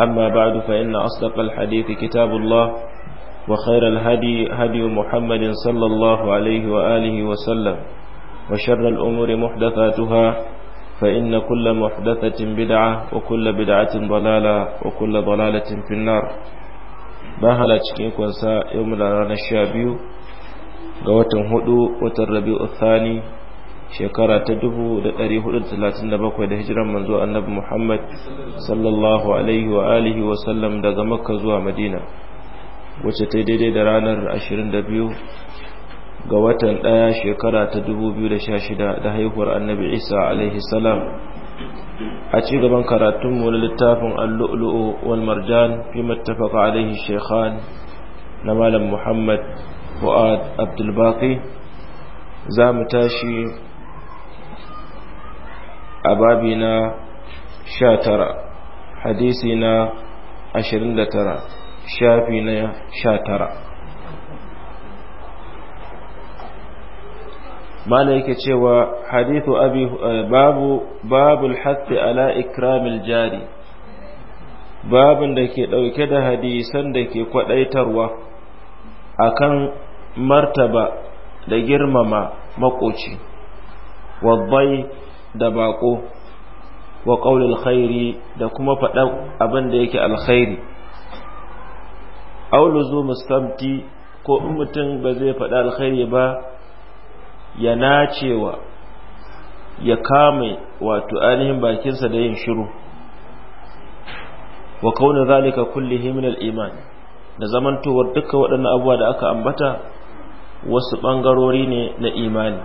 أما بعد فإن أصدق الحديث كتاب الله وخير الهدي هدي محمد صلى الله عليه وآله وسلم وشر الأمور محدثاتها فإن كل محدثة بدعة وكل بدعة ضلالة وكل ضلالة في النار باهلا cikin kunsa yau ranar sha biyu ga watan hudu watan rabi'u thani shekara ta 1437 da hijiran manzo annabi Muhammad sallallahu alaihi wa alihi wa sallam daga Makka zuwa Madina wacce ta daidai da ranar 22 ga watan ɗaya shekara ta 2016 da haihuwar annabi Isa alaihi salam a ci gaban karatunmu na littafin al-lu'lu'u wal marjan fi mattafaqa alaihi shaykhan na malam Muhammad Fuad Abdul Baqi za mu tashi a babi na sha tara hadisi na ashirin da tara shafi na sha tara mana yake cewa hadithu babu babul hatsi ala ikramil jari babin da ke ɗauke da hadisan da ke kwaɗaitarwa akan martaba da girmama makoci wabbai. da bako wa qaulil khairi da kuma faɗa abin da yake alkhairi aw luzum samti ko in mutum ba zai faɗa alkhairi ba ya nacewa ya kame wato ainihin bakinsa da yin shiru wa kauna zalika kullihi min iman da zamantowar duka waɗannan abubuwa da aka ambata wasu ɓangarori ne na imani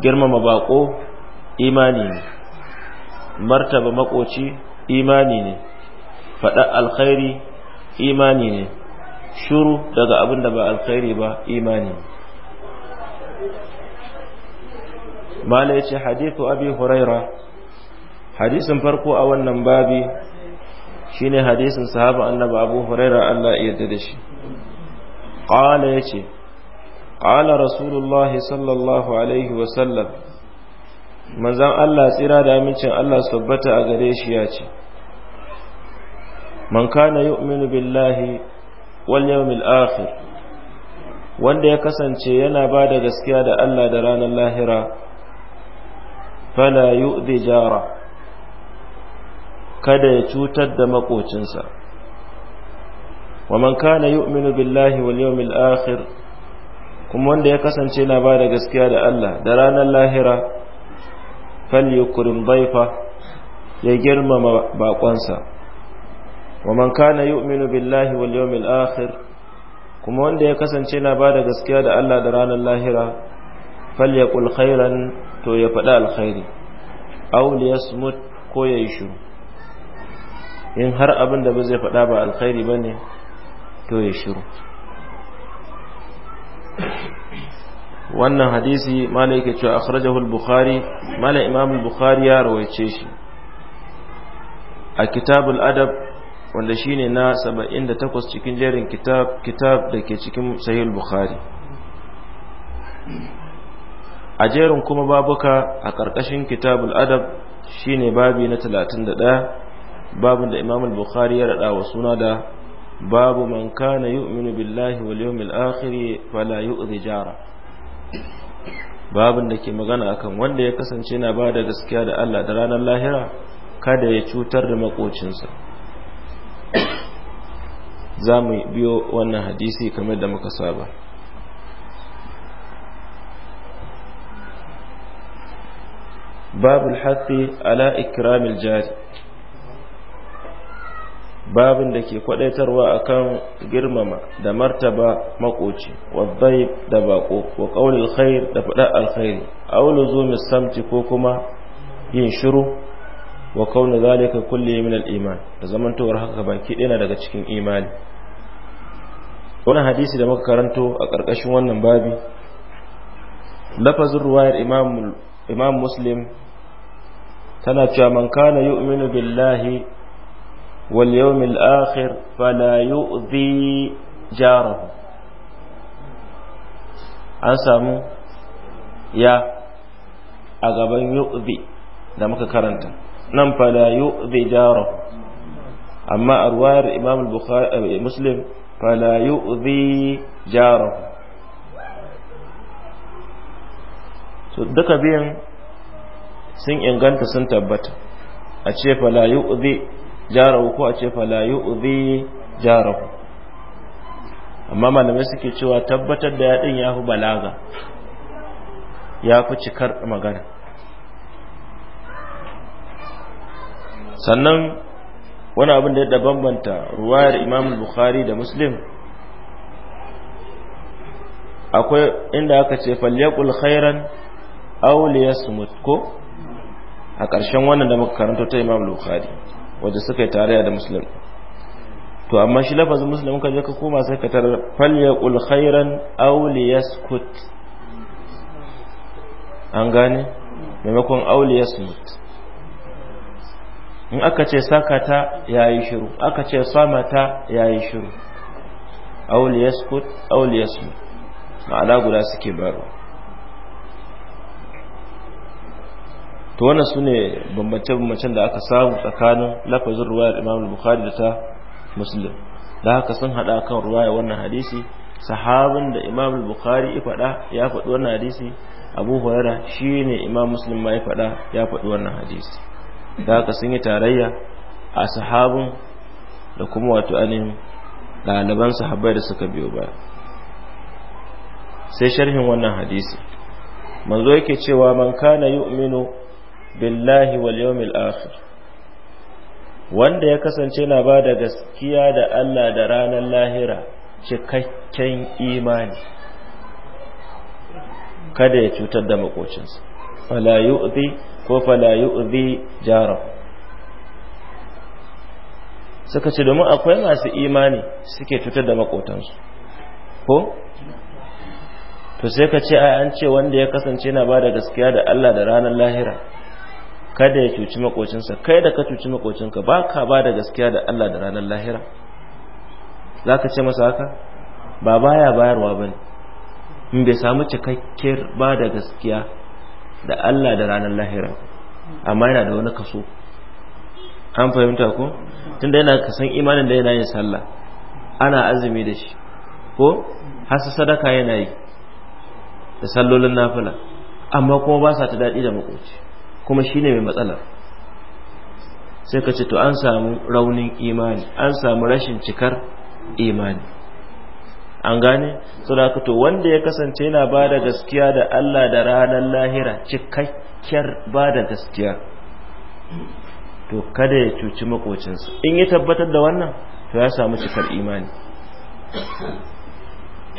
girmama bako imani ne martaba makoci imani ne faɗa alkhairi imani ne shuru daga abin da ba alkhairi ba imani mala ya ce hadithu abi huraira hadisin farko a wannan babi shine hadisin sahaba annabi abu huraira Allah ya yarda da shi qala yace قال رسول الله صلى الله عليه وسلم manzan Allah tsira da amincin Allah su tabbata a gare shi ya ce man kana yu'minu billahi wal yawmil akhir wanda ya kasance yana ba da gaskiya da Allah da ranar lahira fala yu'dhi jara kada ya cutar da makocinsa wa man kana yu'minu billahi wal yawmil akhir kuma wanda ya kasance na ba da gaskiya da Allah da ranar lahira falyukrim baifa ya girmama bakonsa wa man kana yu'minu billahi wal yawmil akhir kuma wanda ya kasance na ba da gaskiya da Allah da ranar lahira falyakul khairan to ya faɗa alkhairi aw liyasmut ko ya shiru in har abin da ba zai faɗa ba alkhairi bane to ya shiru wannan hadisi mala yake cewa akhrajahu al-bukhari mala imam bukhari ya rawaice shi a kitabul adab wanda shine na 78 cikin jerin kitab kitab da ke cikin sahih al-bukhari a jerin kuma babuka a karkashin kitabul adab shine babi na 31 babin da imam al-bukhari ya rada wa suna da باب من كان يؤمن بالله واليوم الآخر فلا يؤذي جاره babin da ke magana akan wanda ya kasance na ba da gaskiya da Allah da ranar lahira kada ya cutar da makocinsa za mu biyo wannan hadisi kamar da muka saba babul haqqi ala ikramil jari babin da ke kwadaitarwa akan girmama da martaba makoci wadai da bako wa qaulil khair da fada alkhair aw luzum samti ko kuma yin shiru wa kauna zalika kulli min al-iman da zamantowar haka baki ɗaya daga cikin imani wannan hadisi da muka karanto a ƙarƙashin wannan babi lafazin ruwayar imam muslim tana cewa man kana yu'minu billahi واليوم الآخر فلا يؤذي جاره an samu ya a gaban yu'zi da muka karanta nan fala yu'zi jaro amma a ruwayar imam eh, muslim fala yu'zi jaro so duka biyan sun inganta sun tabbata a ce fala yu'zi jarahu ko a ce fala yu'zi jarahu amma malamai suke cewa tabbatar da yaɗin ya fi balaga ya fi cikar magana sannan wani abin da ya bambanta ruwayar imam bukhari da muslim akwai inda aka ce falyakul khairan aw liyasmut ko a ƙarshen wannan da muka karanta ta imam bukhari wanda suka yi tarayya da musulun to amma shi lafazin musulun ka je ka koma sai ka tarar falyaqul khairan aw liyaskut an gane maimakon auliyas mut in aka ce sakata yi shiru aka ce samata yi shiru aw liyaskut aw liyasmut ma'ana guda suke baro. to wannan sune bambance-bambancen da aka samu tsakanin lafazin ruwayar Imam Bukhari da ta Muslim da haka sun hada kan ruwaya wannan hadisi sahabin da Imam Bukhari ya fada ya faɗi wannan hadisi Abu Hurairah shine Imam Muslim ma ya fada ya faɗi wannan hadisi da haka sun yi tarayya a sahabin da kuma wato ainihin ɗaliban sahabbai da suka biyo ba sai sharhin wannan hadisi manzo yake cewa man kana yu'minu billahi wal yawmil akhir wanda ya kasance na ba da gaskiya da Allah da ranar lahira cikakken imani kada ya cutar da makocinsa fala yu'zi ko fala yu'zi jara suka ce domin akwai masu imani suke cutar da makotansu ko to sai ka ce ai an ce wanda ya kasance na ba da gaskiya da Allah da ranar lahira kada ya cuci makocinsa kai da ka cuci makocinka ba ka ba da gaskiya da Allah da ranar lahira za ka ce masa haka ba baya bayarwa ba ne in bai samu cikakkiyar ba da gaskiya da Allah da ranar lahira amma yana da wani kaso an fahimta ko tunda yana kasan imanin da yana yin sallah ana azumi da shi ko hasa sadaka yana yi da sallolin nafila amma kuma ba sa ta daɗi da makoci kuma shi ne mai matsalar sai ka ce to an samu raunin imani an samu rashin cikar imani an gane saboda to wanda ya kasance yana ba da gaskiya da Allah da ranar lahira cikakkiyar ba da gaskiya to kada ya cuci makocinsa in ya tabbatar da wannan to ya samu cikar imani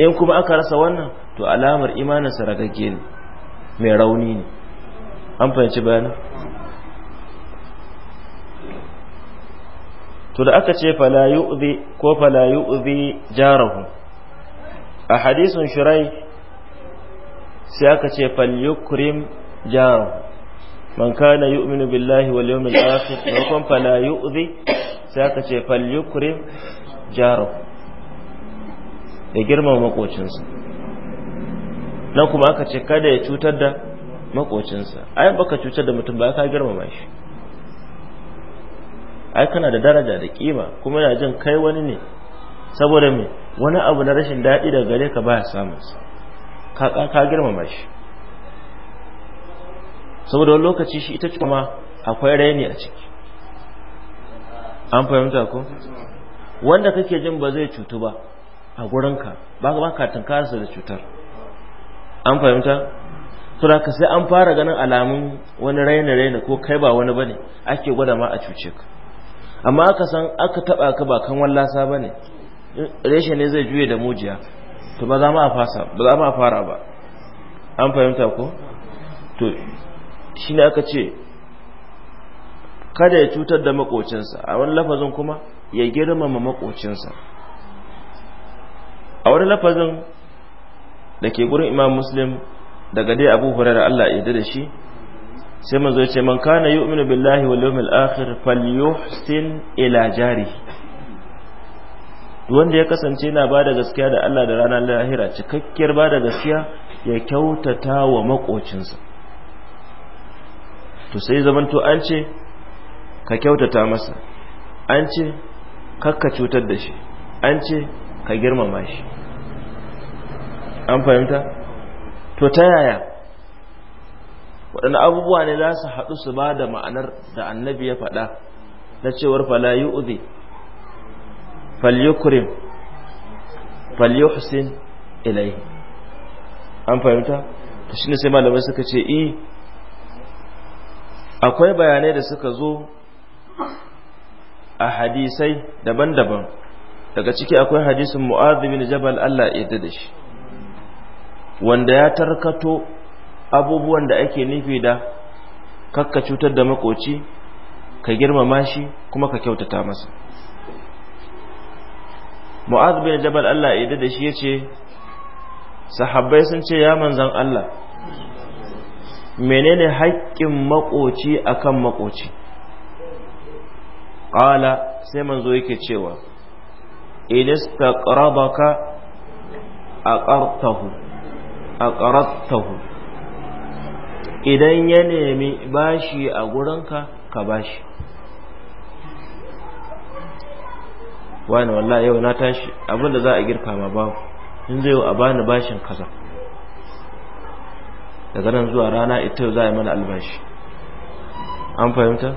in kuma aka rasa wannan to alamar imaninsa ragagge ne mai rauni ne an fahimci bayan to da aka ce fala yu'zi ko fala yu'zi jarahu a hadisin shirai sai aka ce fal yukrim jarahu man kana yu'minu billahi wal yawmil akhir kun fala yu'zi sai aka ce fal yukrim jarahu da girmama makocinsa nan kuma aka ce kada ya cutar da makocinsa ai baka cutar da mutum ba ka girmama shi ai kana da daraja da kima kuma yana jin kai wani ne saboda me wani abu na rashin daɗi daga gare ka baya samun sa ka ka girmama shi saboda wani lokaci shi ita kuma akwai raini a ciki an fahimta ko wanda kake jin ba zai cutu ba a gurinka ba ka tunkarsa da cutar an fahimta ka sai an fara ganin alamun wani raina raina ko kai ba wani bane ake gwada ma a cuce ka amma aka san aka taba ka ba kan wallasa bane reshe ne zai juye da mujiya to ba za mu a fasa ba za mu a fara ba an fahimta ko to shine aka ce kada ya cutar da makocinsa a wani lafazin kuma ya girmama makocinsa a wani lafazin da ke gurin imam muslim daga dai abu hurairah Allah ya da shi sai manzo ce man kana yu'minu billahi wal yawmil akhir falyuhsin ila Jari. wanda ya kasance yana bada gaskiya da Allah da ranar lahira cikakkiyar bada gaskiya ya kyautata wa makocinsa to sai zamanto an ce ka kyautata masa an ce kakka cutar da shi an ce ka girmama shi an fahimta to ta yaya waɗanda abubuwa ne za su haɗu su ba da ma'anar da annabi ya faɗa na cewar falayi uzi falyukrim falyuhsin ilai an fahimta to shine sai malamai suka ce i eh, akwai bayanai da suka zo a hadisai daban-daban daga ciki akwai hadisin mu'adh bin jabal Allah ya da shi wanda ya tarkato abubuwan da ake nufi da kakka cutar da makoci ka girmama shi kuma ka kyautata masa mu'az bin jabal Allah ya da shi yace sahabbai sun ce ya manzon Allah menene haƙƙin makoci akan makoci qala sai manzo yake cewa idastaqrabaka aqartahu aqrastahu idan ya nemi bashi a gurinka ka bashi wani wallahi yau na tashi abinda za a girka ma babu in zai a bani bashin kaza daga nan zuwa rana ita yau za a mana albashi an fahimta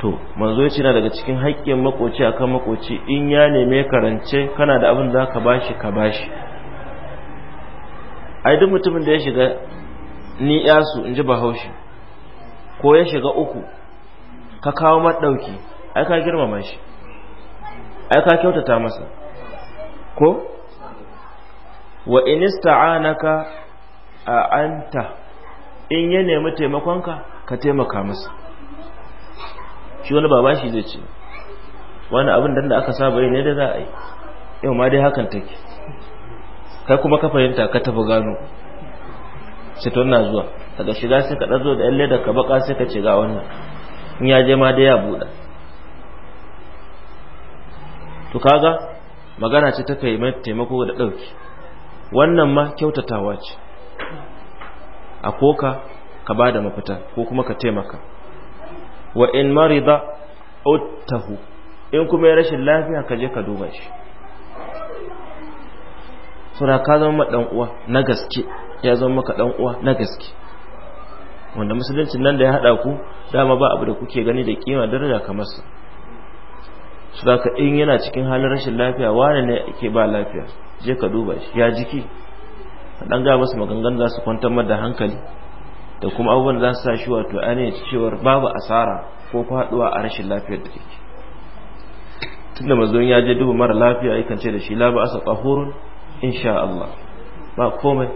to manzo ya na daga cikin haƙƙin makoci akan makoci in ya neme karance kana da abin da za ka bashi ka bashi ai duk mutumin da ya shiga ni yasu in ji bahaushe ko ya shiga uku ka kawo maɗauki ai ka girmama shi ai ka kyautata masa ko wa inista'anaka a anta in ya nemi taimakonka ka taimaka masa shi wani baba shi zai ce wani abin da aka saba yi ne da za a yi yau ma dai hakan take kai kuma ka fahimta ka tafi gano sai to ina zuwa daga shiga sai ka dan zo da yalle da ka baka sai ka ce ga wannan in ya je ma da ya buɗe. to kaga magana ce ta kai mai taimako da ɗauki wannan ma kyautatawa ce a koka ka ba da mafita ko kuma ka taimaka wa in marida uttahu in kuma ya rashin lafiya ka je ka duba shi saboda ka zama dan uwa na gaske ya zama maka dan uwa na gaske wanda musuluncin nan da ya hada ku dama ba abu da kuke gani da kima daraja kamar sa saboda ka in yana cikin halin rashin lafiya wane ne yake ba lafiya je ka duba shi ya jiki dan ga masa maganganun za su kwantar mada hankali da kuma abubuwan za su sa shi wato ane cewar babu asara ko faduwa a rashin lafiyar da yake tunda mazoyin ya je duba mara lafiya yakan ce da shi la ba asa qahurun insha Allah ba komai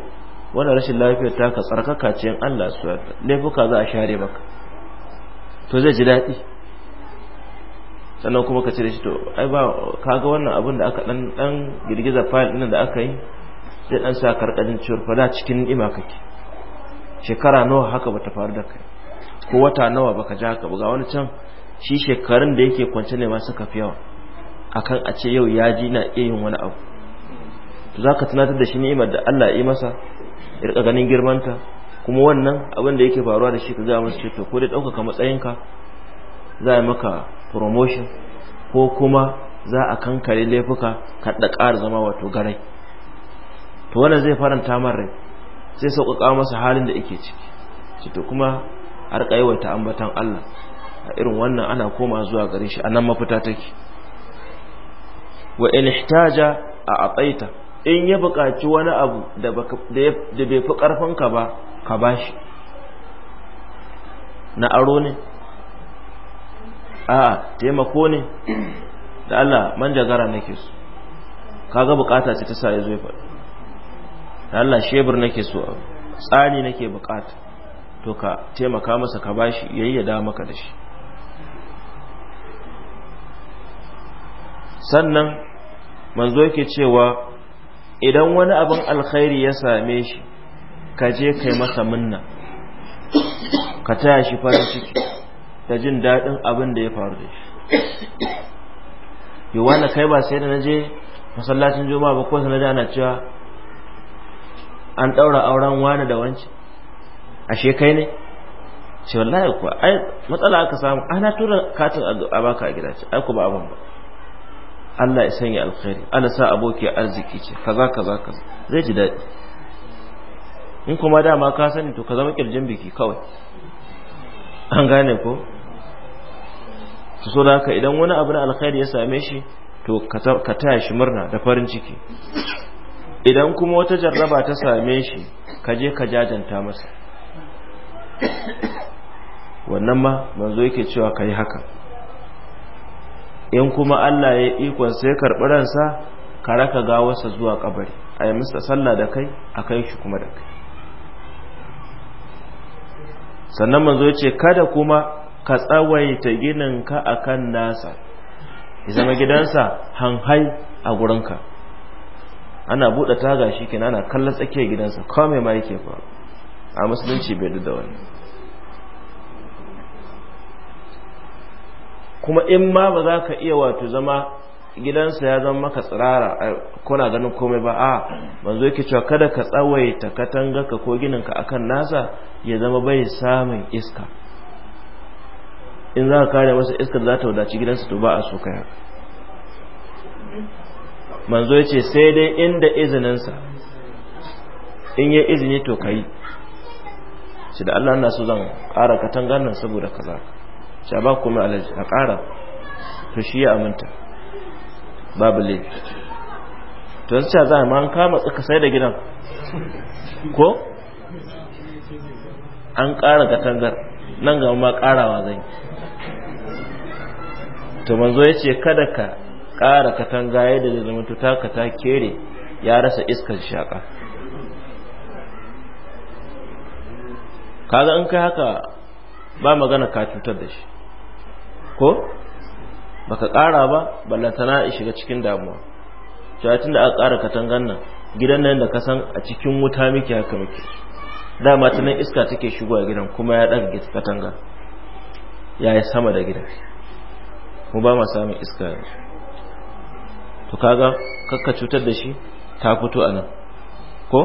wannan rashin lafiyar ta ka tsarkaka ce in Allah su yarda laifuka za a share maka to zai ji daɗi sannan kuma ka cire shi to ai ba kaga wannan abin da aka dan dan girgiza file din da aka yi sai dan sa karkadin ciwon fa da cikin ni'ima kake shekara nawa haka bata faru da kai ko wata nawa baka ja ka buga wani can shi shekarun da yake kwance ne ma suka fi yawa akan a ce yau yaji na iya yin wani abu to zaka tunatar da shi ni'imar da Allah ya yi masa ya rika ganin girmanta kuma wannan abin da yake faruwa da shi ka gaya masa to ko dai ɗaukaka matsayinka za a maka promotion ko kuma za a kankare laifuka ka da ƙara zama wato garai to wannan zai faranta min rai sai sauƙaƙa masa halin da yake ciki ce to kuma har yawaita ambatan Allah a irin wannan ana koma zuwa garin shi anan mafita take wa in ihtaja a ataita in ya buƙaci wani abu da bai fi ƙarfinka ba ka ba shi na aro ne a taimako ne da Allah manjagara nake so kaga bukata ce ta sa ya zo ya faɗi da Allah shebur nake so abu tsani nake bukata to ka taimaka masa ka bashi yayyada maka da shi sannan manzo yake cewa idan wani abin alkhairi ya same shi ka je kai masa minna ka taya shi farin ciki da jin daɗin abin da ya faru da shi yi wanda kai ba sai da na je masallacin juma'a ba ko sanada ana cewa an ɗaura auren wani da wance ashe kai ne ce wallahi kuwa ai matsala aka samu ana tura katin a baka a gidace aiku ba abin ba Allah ya sanya alkhairi ana sa aboki arziki ce kaza kaza kaza zai ji daɗi in kuma dama ka sani to ka zama kirjin biki kawai an gane ko su so da haka idan wani abu na alkhairi ya same shi to ka taya shi murna da farin ciki idan kuma wata jarraba ta same shi ka je ka jajanta masa wannan ma manzo yake cewa ka yi haka in kuma Allah ya ikon sai karɓi ransa ka raka gawarsa zuwa kabari a yi masa sallah da kai a kai shi kuma da kai sannan manzo ce kada kuma ka tsawaita gininka a kan nasa ya zama gidansa hanhai a gurinka ana buɗe taga shi kenan ana kallon tsakiyar gidansa kawai ma yake faru a musulunci bai da wani kuma in ma ba za ka iya wato zama gidansa ya zama maka tsirara kuna ganin komai ba a manzo yake cewa kada ka tsawaita katangarka ko ginin ka akan nasa ya zama bai samun iska in za ka kare masa iskar za ta wadaci gidansa to ba a so kaya. manzo ya ce sai dai inda izininsa in yi izini to ka yi shi da Allah na so zan ƙara katangar nan saboda kaza sai ba kuma alaji a ƙara to shi ya aminta babu le. to yanzu ce za a an kama tsaka sai da gidan ko an ƙara katangar nan ga ma ƙarawa zan to manzo ya ce kada ka ƙara katanga yadda da zama taka ta kere ya rasa iskar shaƙa kaga in kai haka ba magana ka cutar da shi ko baka kara ba ballantana ya shiga cikin damuwa to da aka kara katangan nan gidan nan da ka san a cikin wuta miki haka miki dama ta nan iska take shigowa gidan kuma ya ɗaga katanga ya yi sama da gidan mu ba ma samun iska yanzu to kaga kakka cutar da shi ta fito a nan ko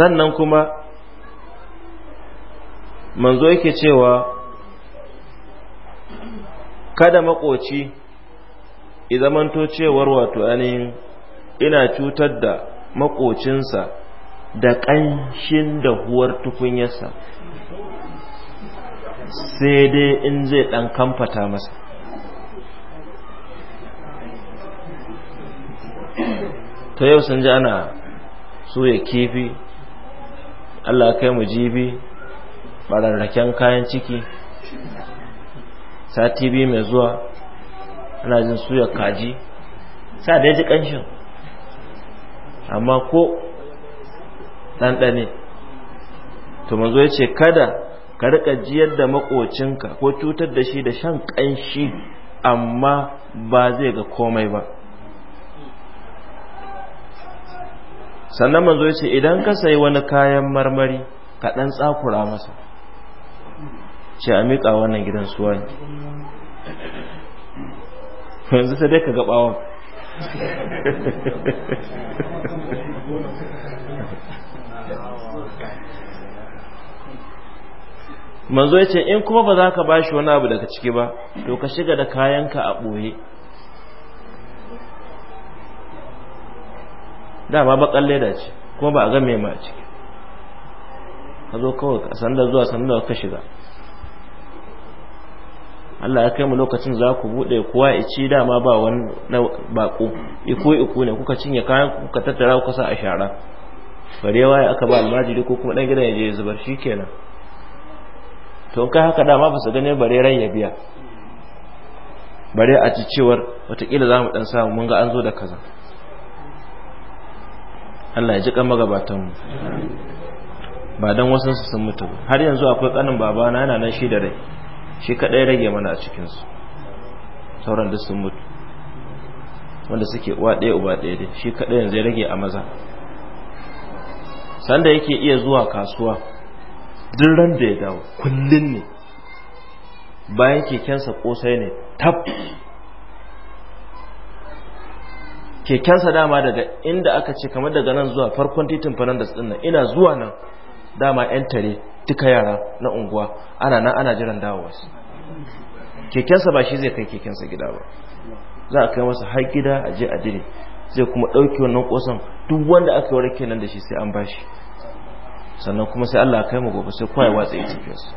sannan kuma manzo yake cewa kada makoci izamanto cewar wato ainihin ina cutar da makocinsa da ƙanshin dahuwar tukunyarsa sai dai in zai ɗan kamfata masa ta yau sun ji ana soya kifi allah kai mu jibi ɓararraken kayan ciki sati biyu mai zuwa ana jin suya kaji sa da ji kanshin amma ko ɗanɗane to manzo ya ce kada ka rika jiyar da makocinka ko cutar da shi da shan kanshi amma ba zai ga komai ba sannan manzo ya ce idan ka sayi wani kayan marmari ka ɗan tsakura masa ce a miƙa wannan gidan suwa ne yanzu sai dai ka ga bawon manzo ya ce in kuma ba za ka ba shi wani abu daga ciki ba to ka shiga da kayanka a ɓoye dama baƙar leda ce kuma ba a ga mai ma a ciki ka zo kawai sanda zuwa sanda ka shiga Allah ya kai mu lokacin za ku buɗe kowa ya ci dama ba wani bako iko iko ne kuka cinye kayan kuka tattara kuka sa a shara barewa ya aka ba almajiri ko kuma dan gidan ya je ya zubar shikenan to kai haka dama ba su gane bare ran ya biya bare a ci cewar watakila za mu dan samu mun ga an zo da kaza Allah ya ji kan magabatan mu ba dan wasansu sun mutu har yanzu akwai kanin babana yana nan shi da rai shi kadai rage mana a cikinsu sauran da sun mutu wanda suke uwa ɗaya uba ɗaya dai shi kadai yanzu rage a maza sanda yake iya zuwa kasuwa duk ran da ya dawo kullum ne bayan kekensa kosai ne tab kekensa dama daga inda aka ce kamar daga nan zuwa farkon titin fernandes din nan ina zuwa nan dama yan tare duka yara na unguwa ana nan ana jiran dawowarsa kekensa ba shi zai kai kekensa gida ba za a kai masa har gida a je a dire zai kuma ɗauki wannan ƙosan duk wanda aka yi warke nan da shi sai an bashi sannan kuma sai Allah kai mu gobe sai kwaya watsa yi tafi su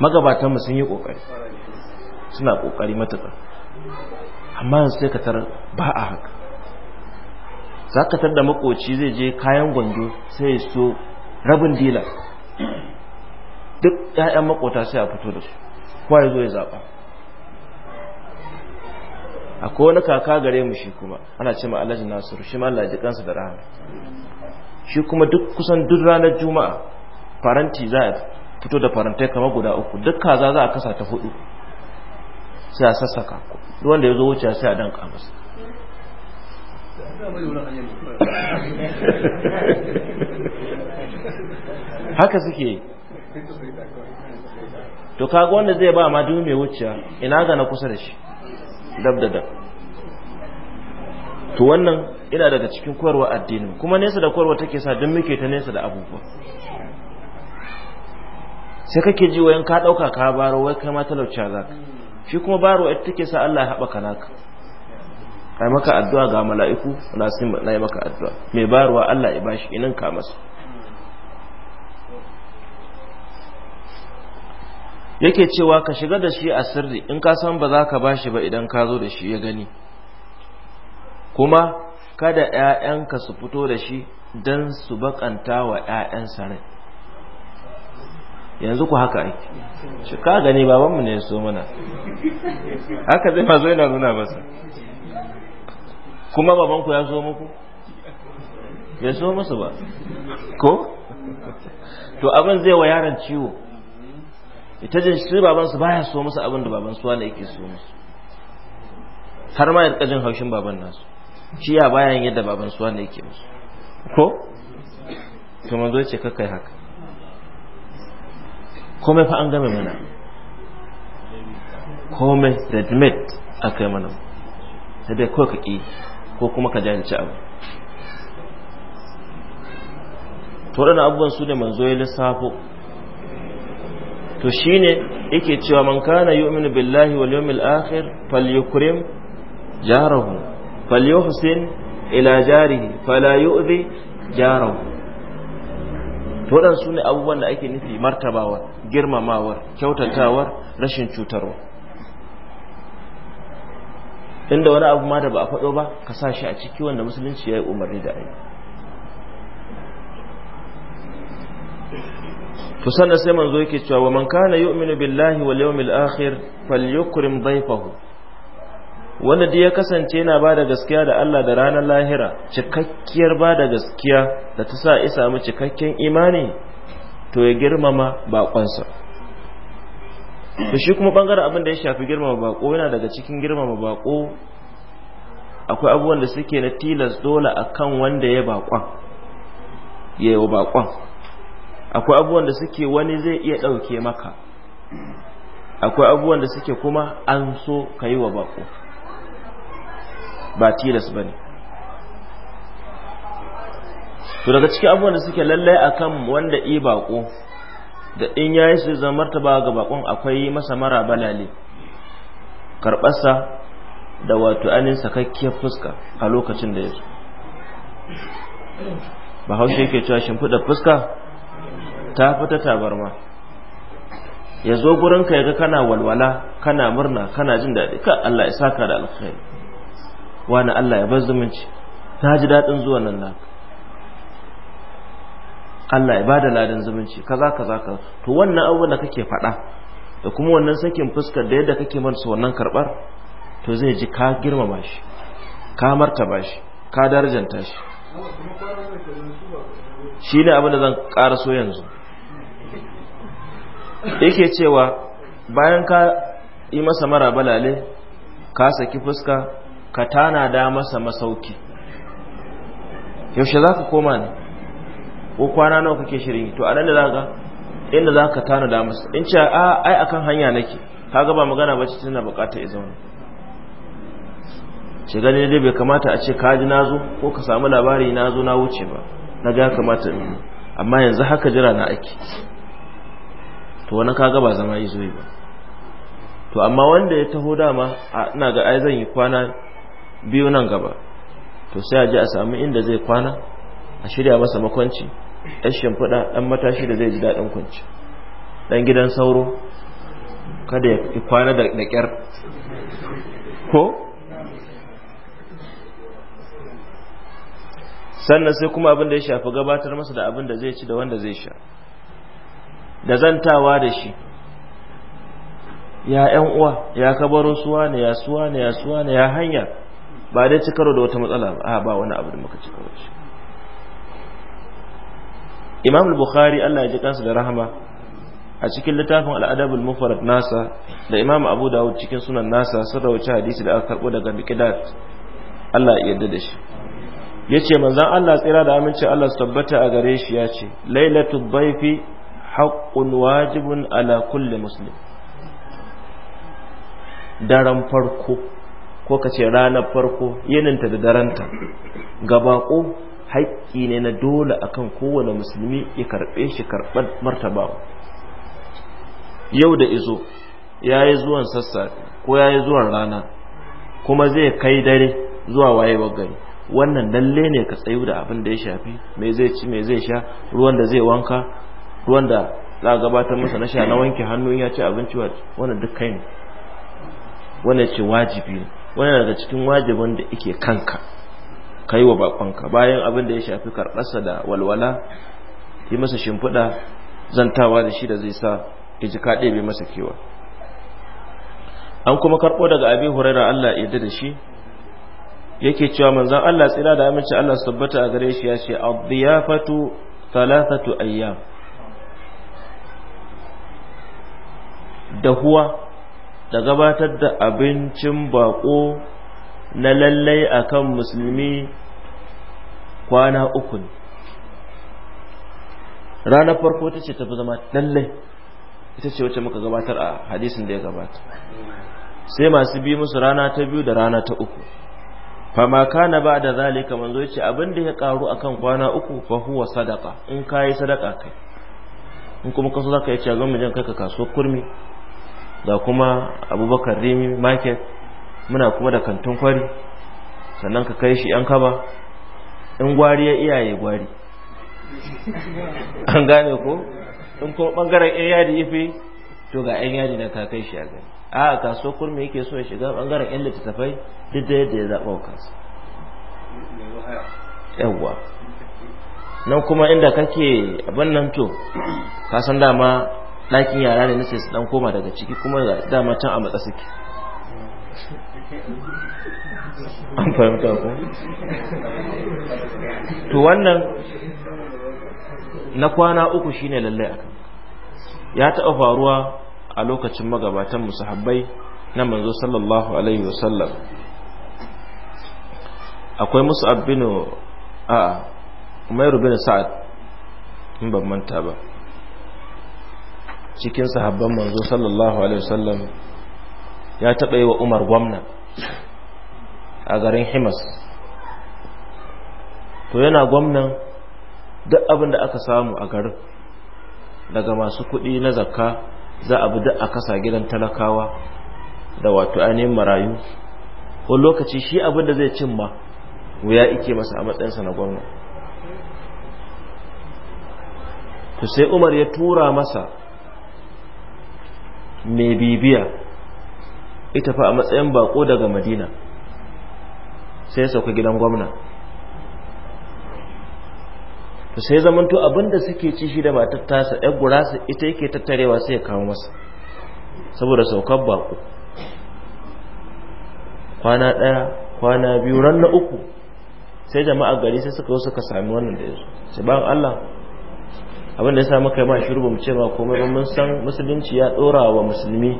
magabatanmu sun yi ƙoƙari suna ƙoƙari matuƙa amma yanzu sai ka tar ba a haka za ka tar da makoci zai je kayan gwanjo sai ya so rabin dila duk 'ya'yan makota sai a fito da su kowa ya zo ya zaɓa a wani kaka gare mu shi kuma ana ce ma alhaji nasiru shi ma Allah kansa da rahama shi kuma duk kusan duk ranar juma'a faranti za a fito da farantai kamar guda uku duk kaza za a kasa ta hudu sai a sassaka duk wanda ya zo wuce sai a danka masa haka suke to kaga wanda zai ba ma duk mai wuciya ina ga na kusa da shi dab da dab to wannan ina daga cikin koyarwa addinin kuma nesa da koyarwa take sa duk muke ta nesa da abubuwa sai kake ji wayan ka dauka ka baro wai kai ma talauciya zaka shi kuma baro ita take sa Allah ya haɓaka naka ai maka addu'a ga mala'iku na yi maka addu'a mai barwa Allah ya bashi inan ka masa yake cewa ka shiga da shi a sirri in ka san ba za ka ba shi ba idan ka zo da shi ya gani kuma kada ‘ya'yanka su fito da shi don su bakanta wa ‘ya'yansa rai yanzu ku haka aiki shi ka gani babanmu ne so mana haka zai mazo yana nuna masa kuma babanku ya so muku Ya so musu ba ko to abin zai wa yaron ciwo ita jin shi babansu baya so musu abin da babansu wala yake so musu har ma yarka jin haushin baban nasu shi ya baya yin yadda babansu ne yake musu ko to manzo ce kakkai haka komai fa an game mana komai redmade aka yi mana sai dai kawai ka ƙi ko kuma ka jahilci abu to waɗannan abubuwan su ne manzo ya lissafo to shine yake cewa man kana yu'minu billahi wal yawmil akhir falyukrim jarahu falyuhsin ila jarihi fala yu'dhi jarahu to dan sune abubuwan da ake nufi martabawa girmamawa kyautatawa rashin cutarwa inda wani abu ma da ba a faɗo ba ka sa shi a ciki wanda musulunci ya yi umarni da aiki to sannan sai manzo yake cewa wa man kana yu'minu billahi wal yawmil akhir falyukrim dhayfahu wanda da ya kasance yana bada da gaskiya da Allah da ranar lahira cikakkiyar bada da gaskiya da ta sa isa mu cikakken imani to ya girmama bakonsa to shi kuma bangaren abin da ya shafi girmama bako yana daga cikin girmama bako akwai abubuwan da suke na tilas dole akan wanda ya bakon ya yi bakon akwai abubuwan da suke wani zai iya ɗauke maka akwai abubuwan da suke kuma an so ka yi wa bako ba tilas ba ne to daga cikin abubuwan da suke lallai akan wanda i bako da in ya yi su zama martaba ga bakon akwai masa mara balale karɓarsa da wato anin sakakkiyar fuska a lokacin da ya zo ba haushe yake cewa fuska ta fita tabarma ya zo gurinka ya ga kana walwala kana murna kana jin daɗi ka Allah ya saka da alkhairi wani Allah ya bar zumunci na ji daɗin zuwa nan naka Allah ya bada ladan zumunci kaza kaza ka to wannan abubuwan da kake faɗa da kuma wannan sakin fuskar da yadda kake masa wannan karɓar to zai ji ka girmama shi ka martaba shi ka darajanta shi shine abin da zan ƙara so yanzu yake cewa bayan ka yi masa mara balale ka saki fuska ka tana da masa masauki yaushe za ka koma ne ko kwana nawa kake shirin to a nan da za ka inda za ka tana da masa in ce a ai akan hanya nake ka gaba magana ba ce tana bukata ya zauna ce gani dai bai kamata a ce ka ji nazo ko ka samu labari nazo na wuce ba na ga kamata amma yanzu haka jira na aiki. to wani kaga ba zama yi zo ba to amma wanda ya taho dama ina ga ai zan yi kwana biyu nan gaba to sai a ji a samu inda zai kwana a shirya masa makwanci ɗan shimfiɗa ɗan matashi da zai ji daɗin kwanci ɗan gidan sauro kada ya kwana da ƙyar ko sannan sai kuma abin da ya shafi gabatar masa da abin da zai ci da wanda zai sha da zantawa da shi ya ‘yan uwa ya kabaro suwa ne ya suwa ne ya suwa ne ya hanya ba dai cikar da wata matsala ba ba wani abu da muka ci karo shi imam bukhari allah ya ji kansa da rahama a cikin littafin al mufarad nasa da imam abu dawud cikin sunan nasa sun rawaci hadisi da aka karbo daga miqdad allah ya yarda da shi yace manzon allah tsira da aminci allah su tabbata a gare shi yace lailatul bayfi حق واجب ala كل مسلم daren farko ko ka ce ranar farko yininta da daranta Gabaƙo haƙƙi ne na dole akan kowane musulmi ya karɓe shi karɓar martaba. yau da izo ya yi zuwan sassafe ko ya yi zuwan rana kuma zai kai dare zuwa wayewar gari wannan lalle ne ka tsayu da abin da ya shafi me zai ci me zai sha ruwan da zai wanka ruwan da za a gabatar masa na sha na wanke hannu ya ci abinci wani duk kai ne wannan ce wajibi ne daga cikin wajibin da ike kanka kai wa bakonka bayan abin da ya shafi karɓarsa da walwala yi masa shimfiɗa zantawa da shi da zai sa ya ji kaɗe ɗebe masa kewa an kuma karɓo daga abi huraira Allah ya da shi yake cewa manzan Allah tsira da aminci Allah su tabbata a gare shi ya ce a ziyafatu talasatu ayyam dahuwa da gabatar da abincin bako na lallai akan musulmi kwana uku ranar farko ta ce ta fi zama lallai ita ce wacce muka gabatar a hadisin da ya gabata sai masu bi musu rana ta biyu da rana ta uku fama kana ba da zalika manzo yace abin da ya karu akan kwana uku fa huwa sadaqa in kai sadaka kai in kuma so zaka yace ga mu jan kai ka kaso kurmi ga kuma abubakar rimi market muna kuma da kantin kwari sannan ka kai shi yan kaba in gwari ya iyaye gwari an gane ko in kuma bangaren yan yadi ife to ga yan yadi na ka kai shi a gani a kaso kurmi yake so ya shiga bangaren yan littattafai duk da yadda ya zaɓa kansa yawwa nan kuma inda kake abin nan to ka san dama ɗakin yara ne nace su dan koma daga ciki kuma da dama can a matsa suke an fahimta ko to wannan na kwana uku shine lallai akan ya taɓa faruwa a lokacin magabatan musahabbai na manzo sallallahu alaihi wasallam akwai musu abinu. a umairu bin sa'ad in ban manta ba cikin sahabban manzo sallallahu alaihi wasallam ya taɓa yi wa umar gwamna a garin himas to yana gwamnan duk abin da aka samu a garin daga masu kuɗi na zakka za a bi duk a kasa gidan talakawa da wato ainihin marayu ko lokaci shi abin da zai cimma wuya ike masa a matsayinsa na gwamna to sai umar ya tura masa mai bibiya ita fa a matsayin bako daga madina sai sauka gidan gwamna ta sai zamanto abinda suke ci shi da matar tasa ɗan gurasa ita yake tattarewa sai ya kawo masa saboda saukar bako kwana ɗaya kwana biyu ran na uku sai jama'a gari sai suka suka sami wannan da yazo sai bayan Allah abin da yasa muka yi ma shiru bamu ce ma komai ba mun san musulunci ya dora wa musulmi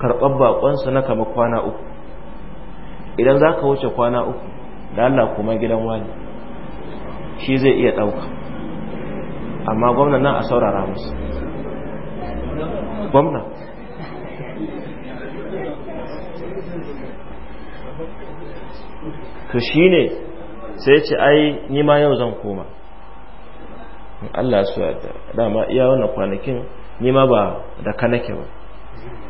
karɓar bakon na kama kwana uku idan za ka wuce kwana uku da Allah kuma gidan wani shi zai iya ɗauka amma gwamna nan a saurara musu gwamna to shi ne sai ce ai nima yau zan koma in Allah su yarda dama iya wannan kwanakin ni ma ba da ka nake ba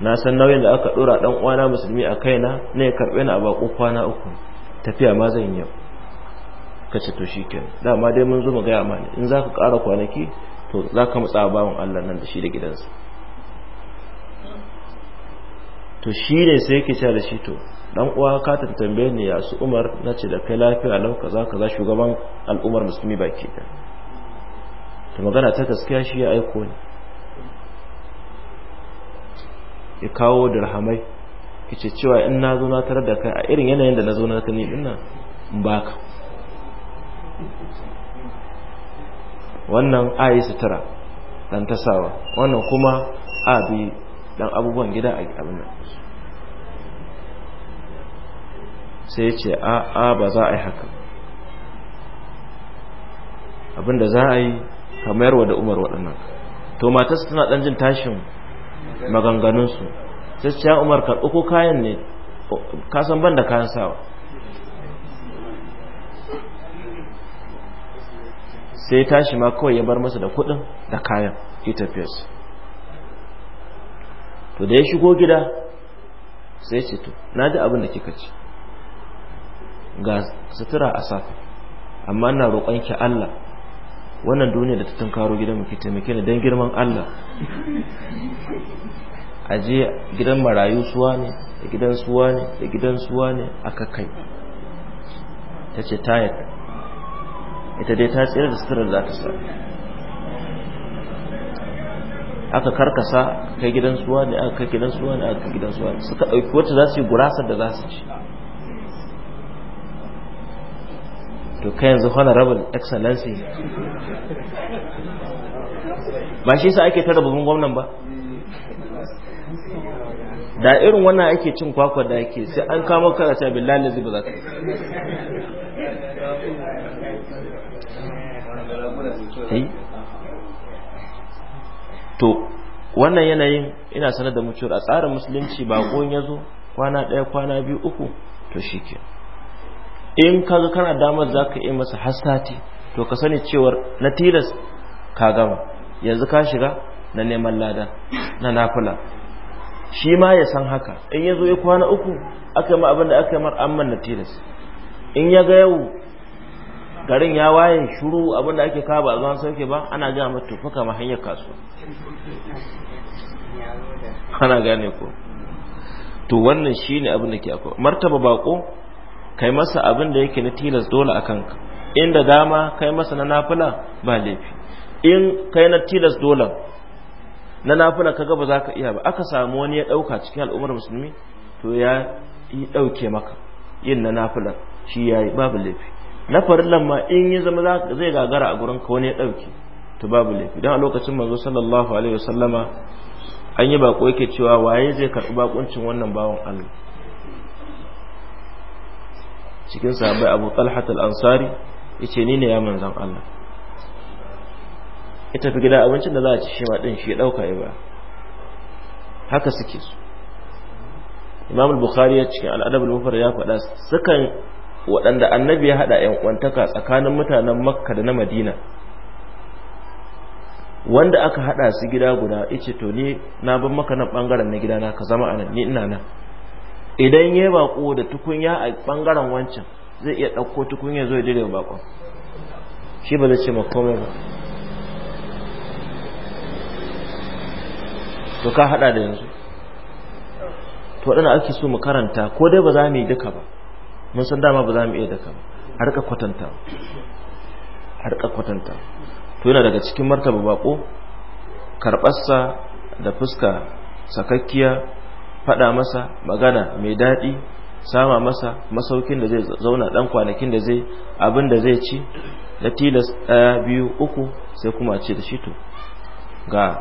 na san nauyin da aka dora dan uwana musulmi a kaina ne karbe ni a bako kwana uku tafiya ma zan yi ka ce to shikenan dama dai mun zo mu ga amana in zaka ƙara kwanaki to zaka mutsa bawon Allah nan da shi da gidansa to shi ne sai yake cewa da shi to dan uwa ka tantambe ni ya su Umar nace da kai lafiya lau kaza kaza shugaban al'ummar musulmi baki ɗaya ta magana ta gaskiya shi ya aiko ne ya kawo dirhamai ce cewa in na zo na tarar da kai a irin yanayin da na zo na kani din nan in baka wannan a yi sutura dan tasawa wannan kuma a bi dan abubuwan gida a abin nan sai ya ce a a ba za a yi haka abinda za a yi ka wa da umar waɗannan to matarsa tana ɗan jin tashin maganganunsu sai su umar karɓi ko kayan ne kasan ban da kayan sawa sai tashi ma kawai ya bar masa da kuɗin da kayan ita fiyarsu to da ya shigo gida sai ce to na ji abin da kika ci ga sutura a safi amma na ki Allah wannan duniya da ta tunkaro gidan mu ki taimake ni dan girman Allah aje gidan marayu suwa ne da gidan suwa ne da gidan suwa ne aka kai tace tayar ita dai ta tsira da sirrin za ta sa aka karkasa kai gidan suwa ne aka kai gidan suwa ne aka kai gidan suwa ne suka dauki wata za su yi gurasar da za su ci to kai yanzu honorable excellency ba shi sa ake tara babban gwamnan ba da irin wannan ake cin kwakwa da ake sai an kama karata billahi lazi ba za ka to wannan yanayin ina sanar da mutuwar a tsarin musulunci ba ya zo kwana ɗaya kwana biyu uku to shi ke in kaga kana damar za ka iya masa hasati to ka sani cewar na tilas ka gama yanzu ka shiga na neman lada na nafula shi ma ya san haka in ya zo ya kwana uku aka yi ma abin da aka yi mar'amman na tilas in ya ga yau garin ya waye shuru abin da ake kawo ba zuwan sauke ba ana gaya mata fuka ma hanyar kasuwa ana gane ko to wannan ne abin da ke akwai martaba bako kai masa abin da yake na tilas dole a kanka inda dama kai masa na nafila ba laifi in kai na tilas dole na nafila kaga ba za ka iya ba aka samu wani ya ɗauka cikin al'ummar musulmi to ya yi ɗauke maka yin na nafila shi ya yi babu laifi na farillan ma in ya zama zai gagara a gurin ka wani ya ɗauke to babu laifi don a lokacin manzo sallallahu alaihi wasallama an yi bako yake cewa waye zai karɓi bakuncin wannan bawan Allah cikin sahabai abu talhat al-ansari yace ni ne ya manzon Allah ya tafi gida abincin da za a ci shi ma din shi ya dauka ya ba haka suke su Imam bukhari ya cikin al-Adab al ya faɗa sukan waɗanda annabi ya haɗa yan kwantaka tsakanin mutanen Makka da na Madina wanda aka haɗa su gida guda yace to ni na bar maka nan bangaren na gida na ka zama anan ni ina nan idan ya bako da tukunya a bangaren wancan zai iya ɗauko tukunya zo ya dire bakon shi ba zai ce ma komai ba to ka hada da yanzu to waɗanda ake so mu karanta ko dai ba za mu yi duka ba mun san dama ba za mu iya duka ba a rika kwatanta a rika kwatanta to yana daga cikin martaba bako karɓarsa da fuska sakakkiya faɗa masa magana mai daɗi sama masa masaukin da zai zauna ɗan kwanakin da zai abin da zai ci da tilas ɗaya biyu uku sai kuma ce da shito ga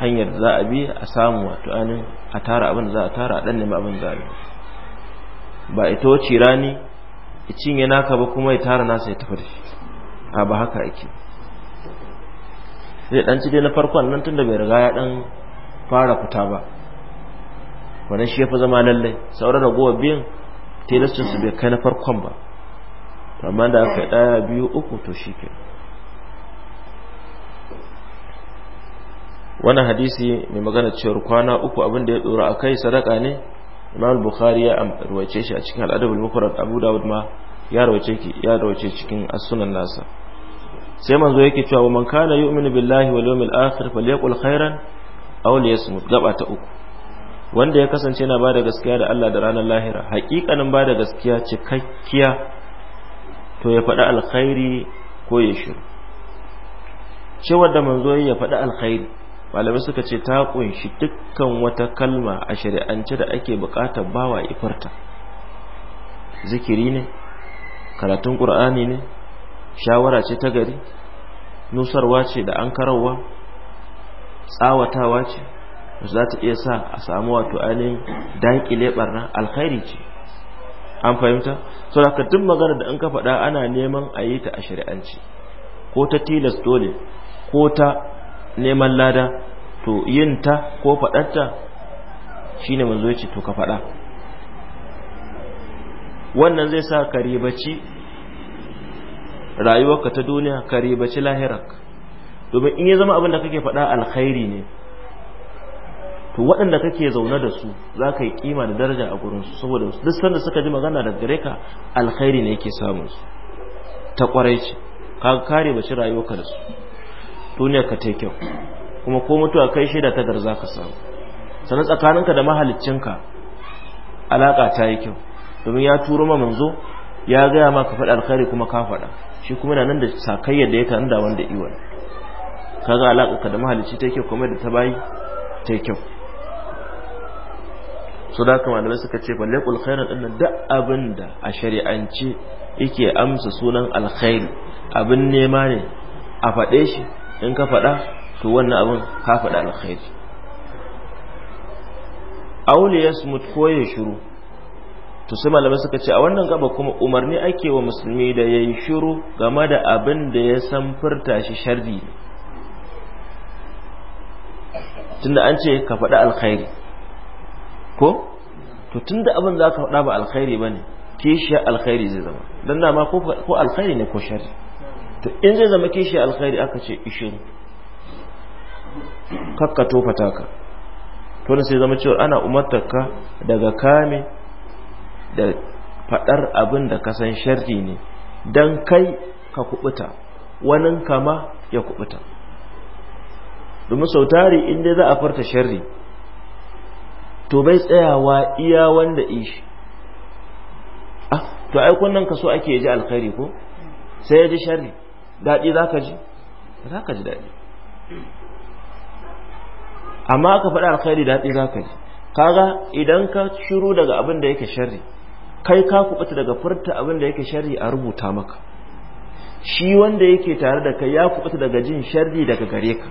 hanyar za a bi a samu wato anin a tara abin da za a tara a ɗan neman abin za a ba ita wace rani cinye naka ba kuma ya tara nasa ya tafi da shi a ba haka ake zai ɗan ci dai na farkon nan tun da bai riga ya ɗan fara fita ba wannan shi yafi zama lalle sauran ragowa biyan tilastin su bai kai na farkon ba amma da aka yi biyu uku to shi ke wannan hadisi mai magana cewar kwana uku abin da ya tsoro a kai sadaka ne imam bukhari ya rawace shi a cikin al'adabul mufrad abu dawud ma ya rawace ki ya rawace cikin as-sunan nasa sai manzo yake cewa man kana yu'minu billahi wal yawmil akhir falyaqul khairan aw liyasmut gaba ta uku wanda ya kasance yana bada gaskiya da Allah da ranar lahira hakikanin bada gaskiya cikakkiya to ya faɗi alkhairi ko ya shiru cewar da manzo ya faɗi alkhairi malamai suka ce ta kunshi dukkan wata kalma a shari'ance da ake buƙatar bawa ifarta zikiri ne karatun ƙur'ani ne shawara ce ta gari nusarwa ce da an karawa tsawatawa ce za ta iya sa a samu wato ainihin daƙile barna alkhairi ce an fahimta so da katun magana da an ka faɗa ana neman a yi ta a shari'anci ko ta tilas dole ko ta neman lada to yin ta ko faɗarta ne manzo ce to ka faɗa wannan zai sa ka ribaci rayuwarka ta duniya ka ribaci lahirak domin in ya zama abin da kake faɗa alkhairi ne to waɗanda kake zaune da su za ka yi kima da daraja a gurinsu saboda duk sanda suka ji magana da gare ka alkhairi ne yake samun su ta ƙwarai ce ka kare baci rayuwarka da su duniya ka ta kyau kuma ko mutuwa kai shaida ta gar za ka samu sannan tsakaninka da mahaliccinka alaƙa ta yi kyau domin ya turo ma manzo ya gaya ma ka faɗi alkhairi kuma ka faɗa shi kuma yana nan da sakayyar da ya da wanda iwa kaga alaƙa ka da mahalicci ta kyau kuma da ta bayi ta kyau su da malamai suka ce balle khairan din duk abin a shari'ance yake amsa sunan alkhairi abin nema ne a faɗe shi in ka faɗa to wannan abin ka faɗa alkhairi aule ya smut ko ya shiru to sai malamai suka ce a wannan gaba kuma umarni ake wa musulmi da ya yi shiru game da abin da ya san furta shi sharri tunda an ce ka faɗa alkhairi ko to tunda abin za ka faɗa ba alkhairi ba ne kishiyar alkhairi zai zama don dama ko alkhairi ne ko shari to in zai zama kishiyar alkhairi aka ce ishin kakka tofata ka to ne sai zama cewa ana ka daga kame da faɗar abin da ka san sharri ne don kai ka kubuta wani kama ya kubuta domin sautari inda za a farta sharri to bai tsayawa iya wanda ishi ah to ai kunnan so ake ji alkhairi ko sai ya ji sharri daɗi za ka ji za ka ji daɗi amma aka faɗa alkhairi daɗi za ka ji kaga idan ka shiru daga abin da yake sharri kai ka kubuta daga furta abin da yake sharri a rubuta maka shi wanda yake tare da kai ya kubuta daga jin sharri daga gare ka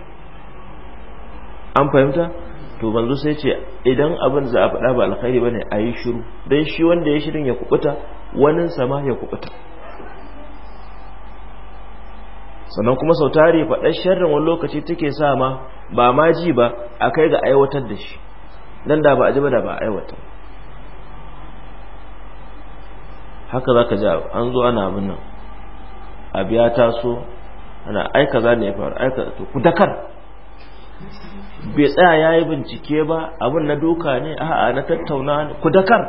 an fahimta to manzo sai ce idan abin za a faɗa ba alkhairi bane a yi shiru don shi wanda ya shirin ya kubuta wanin sama ya kubuta sannan kuma sau tare faɗar sharrin wani lokaci take sa ma ba ma ji ba a kai ga aiwatar da shi dan da ba a ji ba da ba aiwatar haka za ka ji an zo ana abin nan a biya taso ana aika za ne ya faru aika to ku dakar bai tsaya ya yi bincike ba abin na doka ne a'a na tattauna ne ku dakar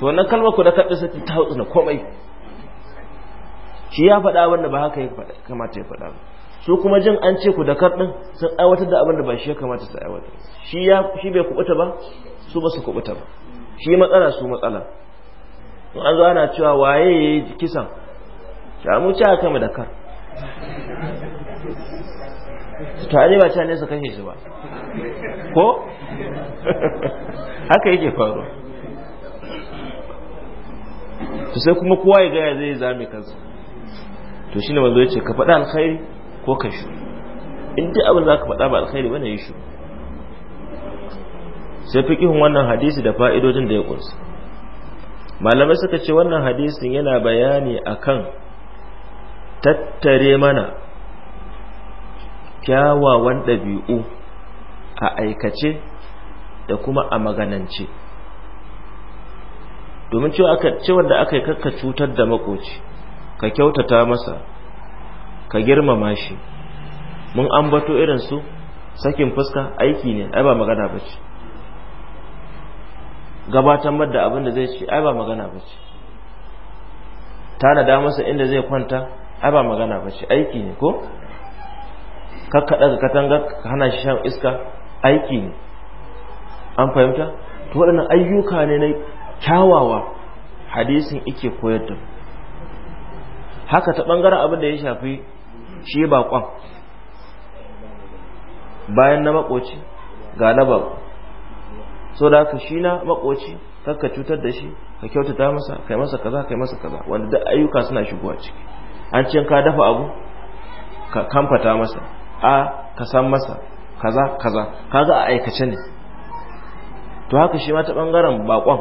to wannan kalma ku dakar ɗinsa ta hau na komai shi ya faɗa wanda ba haka ya kamata ya faɗa su kuma jin an ce ku dakar ɗin sun aiwatar da abin da ba shi ya kamata su aiwatar shi ya shi bai kubuta ba su ba su kubuta ba shi matsala su matsala to an zo ana cewa waye ya yi kisan shamu ce aka mu dakar to aje ba cewa ne su kashe shi ba ko haka yake faruwa to sai kuma kowa ya gaya zai zame kansa to shi ne wanzu ya ce ka faɗa alkhairi ko ka shi in ji abin za ka faɗa ba alkhairi na yi shi sai kihun wannan hadisi da fa'idojin da ya kunsa malamai suka ce wannan hadisin yana bayani akan tattare mana kyawawan ɗabi'u a aikace da kuma a maganance domin cewa da aka yi kakka cutar da makoci ka kyautata masa ka girmama shi mun ambato irinsu sakin fuska aiki ne ai ba magana ba ce gabatan da abin zai ce ai ba magana ba ce tanada masa inda zai kwanta ai ba magana ba ce aiki ne ko kakka daga katanga ka hana shi shan iska aiki ne an fahimta to waɗannan ayyuka ne na kyawawa hadisin ike koyar da haka ta ɓangaren abin da ya shafi shi baƙon bayan na makoci ga na baƙo so da haka shi na makoci kakka cutar da shi ka kyautata masa kai masa kaza kai masa kaza wanda duk ayyuka suna shigowa ciki an ce ka dafa abu ka kamfata masa a ka san masa kaza kaza kaga a aikace ne to haka shi ma ta bangaren bakon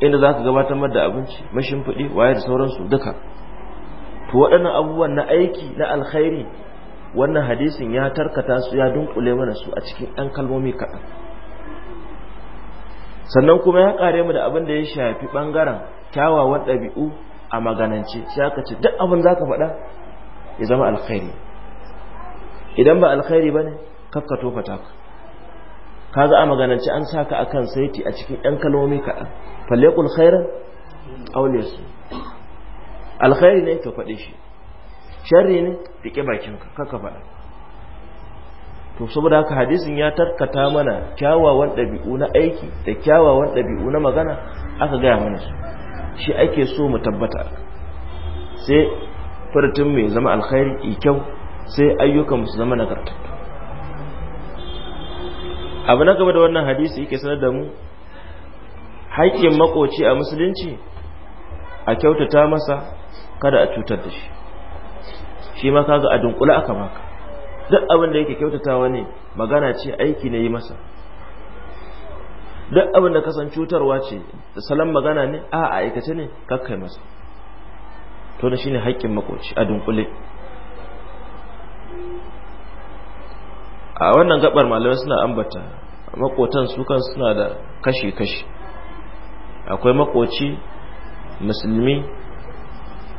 inda za ka gabatar da abinci mashin fudi waye da sauransu duka to waɗannan abubuwan na aiki na alkhairi wannan hadisin ya tarkata su ya dunkule mana su a cikin ɗan kalmomi kaɗan sannan kuma ya ƙare mu da abin da ya shafi ɓangaren kyawawan ɗabi'u a maganance shi aka ce duk abin za ka faɗa ya zama alkhairi idan ba alkhairi bane kafka ka. Ka kaga a maganance an saka akan saiti a cikin ɗan kalmomi kaɗan kun khairan aule su alkhairi ne ka faɗi shi sharri ne bakin bakinka kaka faɗa to saboda haka hadisin ya tarkata mana kyawawan ɗabi'u na aiki da kyawawan ɗabi'u na magana aka gaya mana su shi ake so mu tabbata sai furtun mai zama alkhairi i kyau sai ayyukan su zama nagarta abu na gaba da wannan hadisi yake sanar da mu haƙƙin makoci a musulunci a kyautata masa kada a cutar da shi shi ma kaga a dunkula aka baka duk abin da yake kyautatawa ne magana ce aiki ne yi masa duk abin da kasan cutarwa ce da salon magana ne a aikace ne kakkai masa to da ne haƙƙin makoci a dunkule a wannan gabar malamai suna ambata makotan su kan suna da kashi-kashi akwai makoci musulmi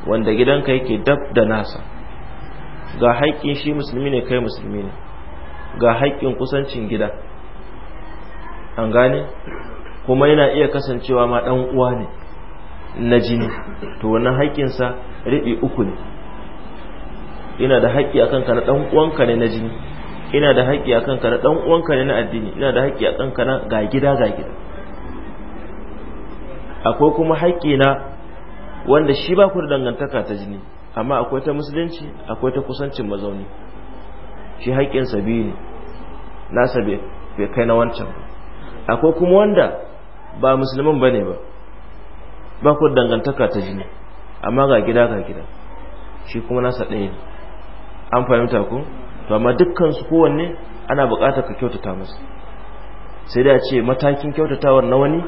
wanda gidanka yake dab da nasa ga haƙƙin shi musulmi ne kai musulmi ne ga haƙƙin kusancin gida an gane kuma yana iya kasancewa ma ɗan uwa ne na jini to wannan haƙƙinsa riɓi uku ne ina da haƙƙi akan ka na dan uwanka ne na jini ina da haƙƙi akan ka na dan uwanka ne na addini ina da haƙƙi akan ka na ga gida ga gida akwai kuma haƙƙi na wanda shi ba ku da dangantaka ta jini amma akwai ta musulunci akwai ta kusancin mazauni shi haƙƙin sabi ne nasa bai kai na wancan ba akwai kuma wanda ba musulmin bane ba ba ku da dangantaka ta jini amma ga gida ga gida shi kuma nasa ɗaya ne an fahimta ku to amma dukkan su kowanne ana buƙatar ka kyautata musu sai da ce matakin kyautatawar na wani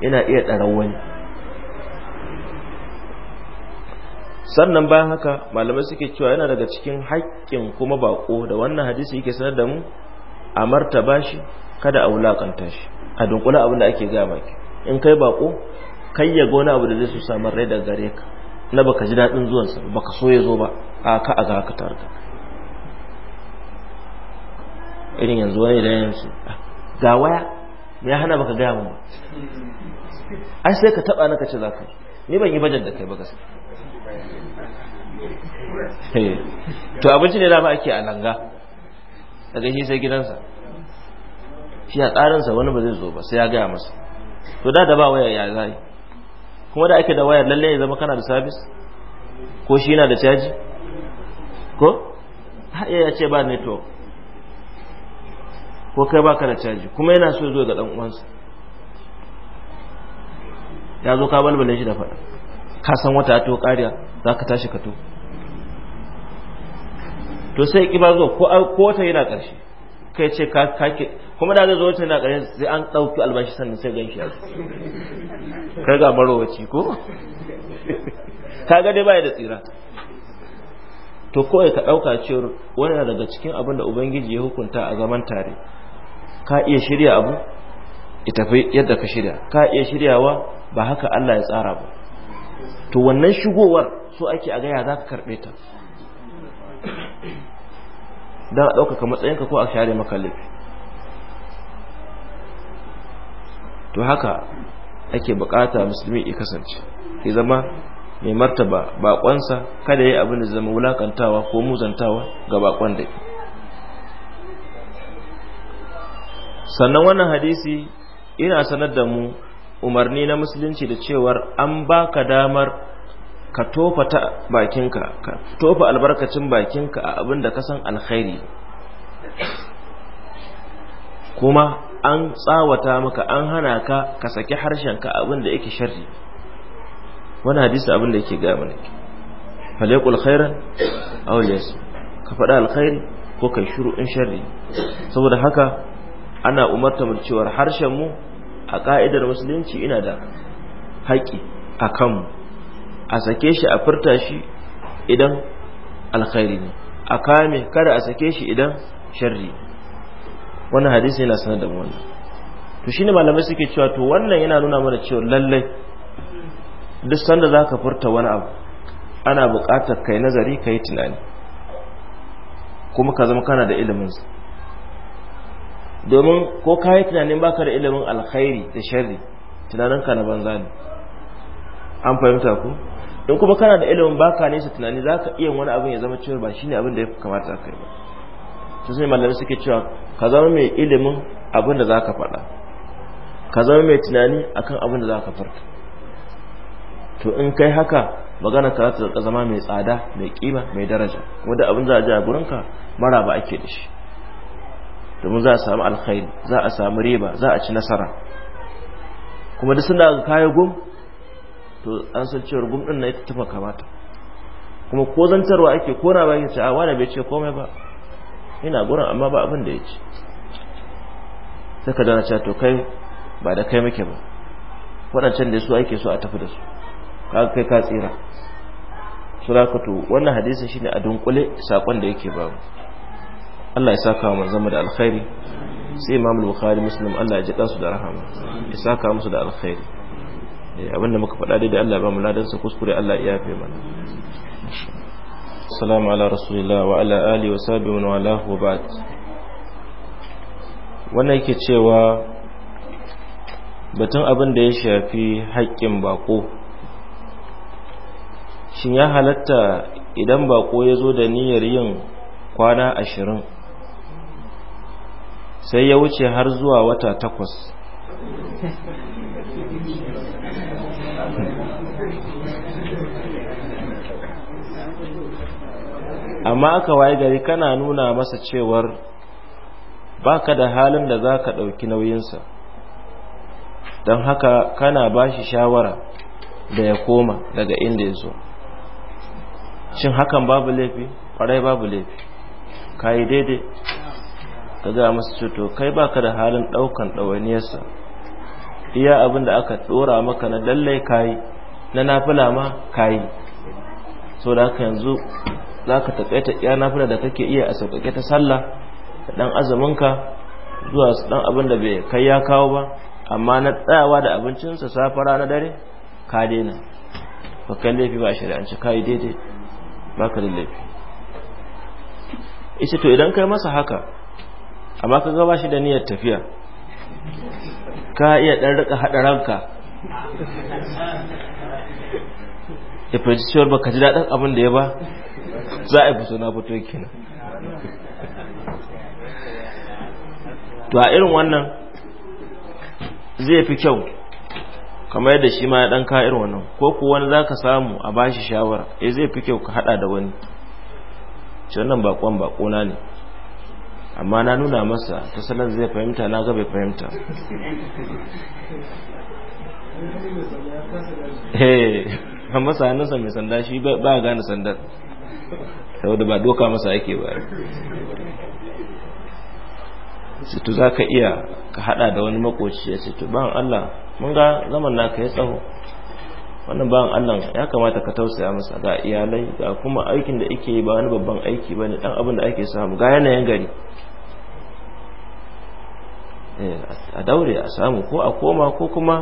yana iya ɗarar wani sannan bayan haka malamai suke cewa yana daga cikin haƙƙin kuma baƙo da wannan hadisi yake sanar da mu a martaba shi kada a wulaƙanta shi a dunkula abin da ake gaya maki in kai baƙo kai ya wani abu da zai su samar rai da gare ka na baka ji daɗin zuwansa baka so ya zo ba a ka a zakatar da irin yanzu wani da yanzu ga waya ya hana baka gaya ba ai sai ka taba na kace zaka ni ban yi bajan da kai ba gaskiya eh, to abinci ne dama ake a langa daga shi sai gidansa shi a tsarinsa wani ba zai zo ba sai ya gaya masa to da da ba waya ya zai kuma da ake da waya lalle ya zama kana da sabis ko shi yana da caji ko haɗe ya ce ba network ko kai baka da caji kuma yana so zo ga ɗan uwansa ya zo ka balbale shi da faɗa ka san wata to ƙariya za ka tashi ka to to sai ki ba zo ko wata yana ƙarshe kai ce ka kake kuma da zai zo wata yana ƙarshe sai an ɗauki albashi sannan sai gan shi yanzu kai ga marowaci ko ka ga dai ya da tsira to kawai ka ɗauka cewar wani daga cikin abin da ubangiji ya hukunta a zaman tare ka iya shirya abu ya tafi yadda ka shirya ka iya shiryawa ba haka Allah ya tsara ba to wannan shigowar so ake a gaya za ka karɓe ta don a ɗaukaka matsayinka ko a share maka to haka ake bukata musulmi ya kasance ya zama mai martaba bakonsa kada ya yi abin da zama wulakantawa ko muzantawa ga bakon da sannan wannan hadisi ina sanar da mu umarni na musulunci da cewar an baka damar ka tofa ta bakinka ka tofa albarkacin bakinka a abin da ka san alkhairi kuma an tsawata maka an hana ka ka saki harshenka abin da yake sharri wani hadisi abin da yake gaya mana falyaqul khairan aw su, ka faɗa alkhairi ko kai shiru in sharri saboda haka ana umarta mu cewa harshen mu a ka'idar musulunci ina da haƙi a kanmu a sake shi a furta shi idan alkhairi ne a kame kada a sake shi idan sharri wannan hadisi yana sanar da mu wannan to shine malamai suke cewa to wannan yana nuna mana cewa lallai duk sanda za ka furta wani abu ana buƙatar kai nazari ka yi tunani kuma ka zama kana da iliminsa domin ko ka yi tunanin baka da ilimin alkhairi da tunanin tunaninka na banza ne an fahimta ku in kuma kana da ilimin baka nesa tunani za ka iya wani abin ya zama cewa ba shine abin da ya kamata a kai ba su sai malami suke cewa ka zama mai ilimin abin da za ka faɗa ka zama mai tunani akan abin da za ka farta to in kai haka magana ka za ta zama mai tsada mai kima mai daraja wanda abin za a ji a gurinka ba ake da shi domin za a samu alkhairi za a samu riba za a ci nasara kuma duk suna daga kayan gum to an san cewar gum din na ita tafa kamata kuma ko zantarwa ake ko na bayan ce a wani bai ce komai ba ina gurin amma ba abin da ya ce sai ka dana cewa to kai ba da kai muke ba waɗancan da su ake so a tafi da su kaga kai ka tsira surakatu to wannan hadisin shine a dunkule sakon da yake babu Allah ya saka mu zama da alkhairi sai Imam Bukhari Muslim Allah ya ji su da rahama ya saka musu da alkhairi eh, abinda muka faɗa dai da Allah ba mu ladan sa kuskure Allah ya yafe mana Assalamu ala rasulillah wa ala alihi wa sahbihi wa ala wa ba'd wannan yake cewa batun abin da ya shafi haƙƙin bako shin ya halatta idan bako ya zo da niyyar yin kwana ashirin sai ya wuce har zuwa wata takwas amma aka waye gari kana nuna masa cewar ba ka da halin da za ka ɗauki nauyinsa don haka kana ba shi shawara da ya koma daga inda ya zo shin hakan babu laifi kwarai babu laifi ka yi daidai ka ga masu cuto kai baka da halin ɗaukan ɗawainiyarsa iya abin da aka ɗora maka na lallai kayi na nafila ma kayi so da haka yanzu za ka taƙaita iya nafila da kake iya a sauƙaƙe ta sallah da ɗan azuminka zuwa su ɗan abin da bai kai ya kawo ba amma na tsayawa da abincinsa safara na dare ka daina ba kai laifi ba a shari'anci kayi daidai baka da laifi ita to idan kai masa haka amma ka gaba shi da niyyar tafiya ka iya dan rika hada ranka ya fi cewar baka ji daɗin abin da ya ba za a yi fito na fito kenan to a irin wannan zai fi kyau kamar yadda shi ma ya dan ka irin wannan ko ku wani zaka samu a bashi shawara eh zai fi kyau ka hada da wani shi wannan bakon bakona ne amma na nuna masa ta salon zai fahimta na ga bai fahimta eh amma sa mai sanda shi ba gane sandar saboda ba doka masa yake ba sai to zaka iya ka hada da wani makoci ya ce to ban Allah mun ga zaman naka ya tsaho wannan bayan Allah ya kamata ka tausaya masa ga iyalai ga kuma aikin da yi ba wani babban aiki ba ne dan abin da ake samu ga yanayin gari eh, a daure a samu ko a koma ko kuma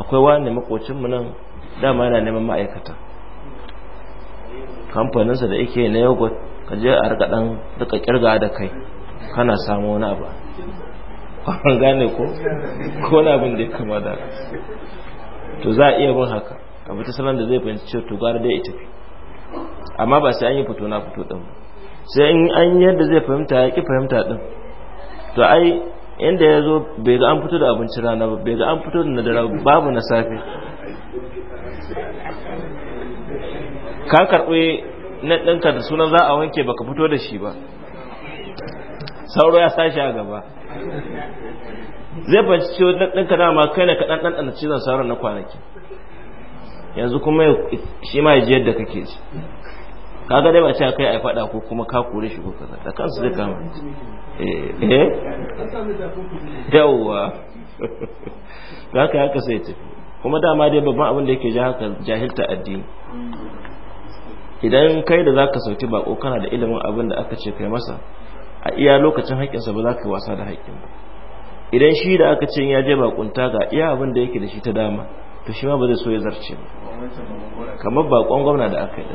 akwai wani makocinmu nan dama yana neman ma'aikata kamfaninsa da yake na yogurt ka je a rika dan kirga da kai kana samu wani abu kwanan gane ko ko na abin da ya kama da to za a iya bin haka a fita salon da zai fahimci cewa to gara dai ya tafi amma ba sai an yi fito na fito din sai in an yadda zai fahimta ya ki fahimta din to ai inda ya zo bai ga an fito da abinci rana ba bai ga an fito da na babu na safe ka karɓi na ɗinka da sunan za a wanke baka fito da shi ba sauro ya sashi a gaba zai fahimci ciwo ɗinka dama kai na kaɗan ɗanɗana cizon sauron na kwanaki yanzu kuma shi ma yaji yadda kake ji kaga dai ba ce kai a faɗa ko kuma ka kore shi ko kaza da kansu zai kama eh eh yawa ga ka haka sai tafi kuma dama dai babban abin da yake ja haka jahilta addini idan kai da zaka sauki bako kana da ilimin abin da aka ce kai masa a iya lokacin haƙƙinsa ba za ka yi wasa da haƙƙin ba idan shi da aka ce ya je bakunta ga iya abin da yake da shi ta dama to shi ma ba zai so ya zarce ba kamar bakon gwamna da aka yi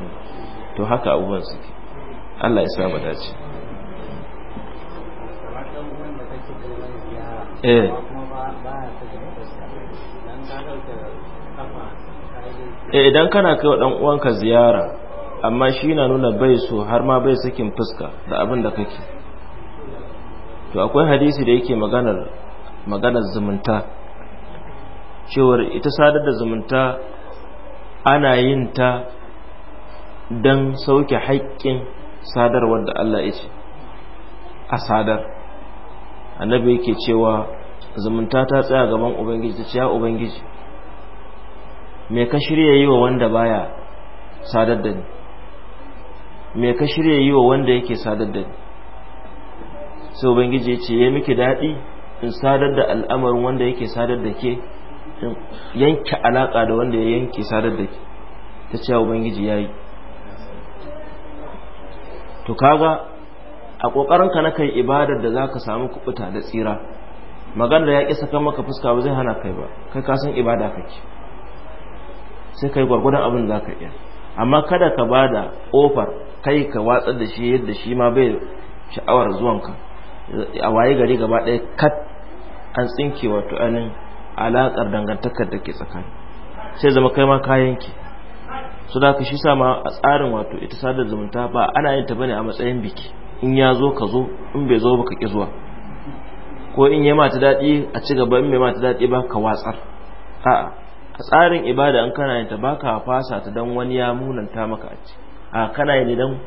to haka abubuwan suke Allah ya samu dace eh. eh idan kana kai wa dan uwanka ziyara amma shi na nuna bai so har ma bai sakin fuska da abin da kake to akwai hadisi da yake maganar maganar zumunta cewar ita sadar da zumunta ana yin ta don sauke haƙƙin sadarwar da Allah ya ce a sadar annabi yake cewa zumunta ta tsaya gaban ubangiji ta ce ubangiji me ka shirya yi wa wanda baya sadar da ni me ka shirya yi wa wanda yake sadar da ni sai ubangiji ce ya miki daɗi in sadar da al'amarin wanda yake sadar da ke yanke alaƙa da wanda ya yanke sadar da ke ta ce ubangiji ya yi to kaga a ƙoƙarinka na kai ibadar da za ka samu kuɓuta da tsira magana da ya ƙi saka maka fuska ba zai hana kai ba kai ka san ibada kake sai kai gwargwadon abin za ka iya amma kada ka ba da ƙofar kai ka watsar da shi yadda shi ma bai sha'awar zuwanka a waye gari gaba ɗaya kat an tsinke wato anin alaƙar dangantakar da ke tsakani sai zama kai ma kayan ki su da ka shi sama a tsarin wato ita sadar zumunta ba ana yin ta bane a matsayin biki in ya zo ka zo in bai zo ba ka ƙi zuwa ko in ya mata daɗi a ci gaba in bai mata daɗi ba ka watsar a'a a tsarin ibada an kana yin ta ba ka fasa ta don wani ya munanta maka a ci a kana yin idan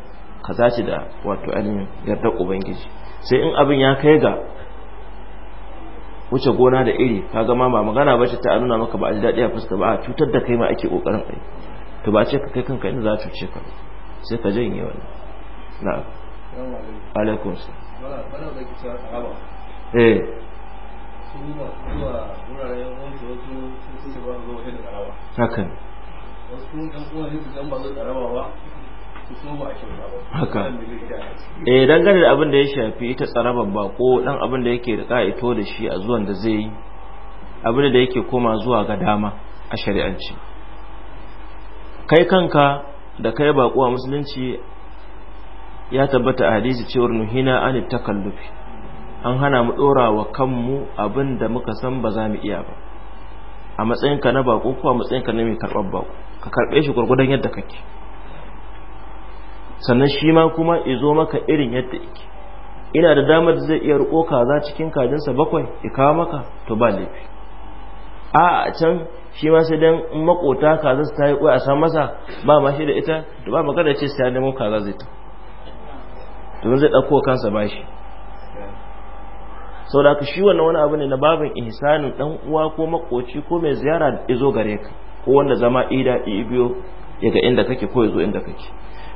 ka zaci da wato ainihin yardar ubangiji sai in abin ya kai ga wuce gona da iri ka gama ba magana ba ce ta nuna maka ba a ji daɗi a fuska ba a cutar da kai ma ake ƙoƙarin ai to ba ce ka kai kanka inda za a cuce ka sai ka eh. yi wani na alaikun su eh hakan wasu kuma ɗan kuma ne su ba zai ƙaraba ba haka eh dangane da abin da ya shafi ita tsarabar bako dan abin da yake da ito da shi a zuwan da zai yi abin da yake koma zuwa ga dama a shari'anci kai kanka da kai bako a musulunci ya tabbata a hadisi cewar nuhina an takallufi an hana mu dora wa kanmu abin da muka san ba za mu iya ba a matsayinka na bako ko a matsayinka na mai karɓar bako ka karɓe shi gwargwadon yadda kake sannan shi ma kuma izo maka irin yadda yake ina da damar zai iya riko kaza cikin kajinsa bakwai ya kawo maka to ba laifi a a can shi ma sai dan makota kaza su tayi koyi a san masa ba ma shi da ita to ba magana ce sai nemo kaza zai ta to zai dauko kansa bashi saboda ka shi wannan wani abu ne na babin ihsanin dan uwa ko makoci ko mai ziyara izo gare ka ko wanda zama ida ibiyo yaga inda kake ko yazo inda kake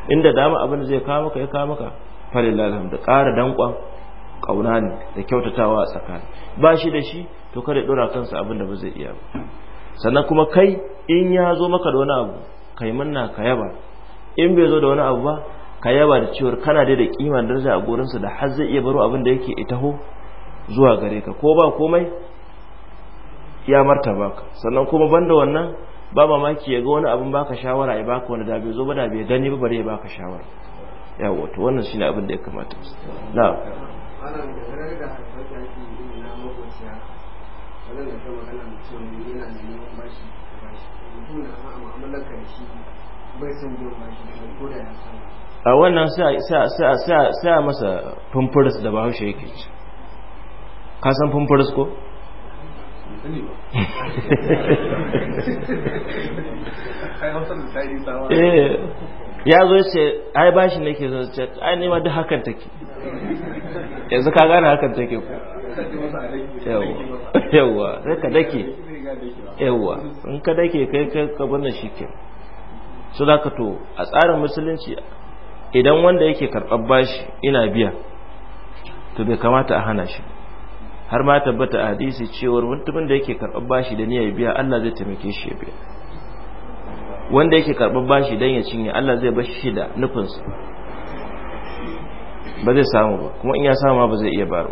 inda dama abin zai kawo maka ya kawo maka falilal alhamdu ƙara danƙon ƙauna ne da kyautatawa a tsakani ba shi da shi to kada ya ɗora kansa abin da ba zai iya sannan kuma kai in ya zo maka da wani abu kai manna ka yaba in bai zo da wani abu ba ka yaba da cewar kana dai da kima da daraja a gurinsa da har zai iya baro abin da yake itaho zuwa gare ka ko ba komai ya martaba ka sannan kuma banda wannan ba mamaki ya ga wani abin baka shawara ya baka wani dabe zo ba da bai gani ba bare ya baka shawara Yawo to wannan shine abin da ya kamata na a wannan sa masa fumfuris da bahaushe yake ci ka san fumfuris ko Eh, ya zo ce ai bashi nake zo ce ai nema duk hakan take yanzu ka gane hakan take ku yawwa sai ka dake yawwa in ka dake kai kai ka bana shi ke su za ka to a tsarin musulunci idan wanda yake karɓar bashi ina biya to bai kamata a hana shi ba har ma tabbata a hadisi cewar mutumin da yake karɓar bashi da niyyar biya Allah zai taimake shi ya biya wanda yake karɓar bashi dan ya cinye Allah zai bashi shi da nufinsa ba zai samu ba kuma in ya samu ba zai iya ba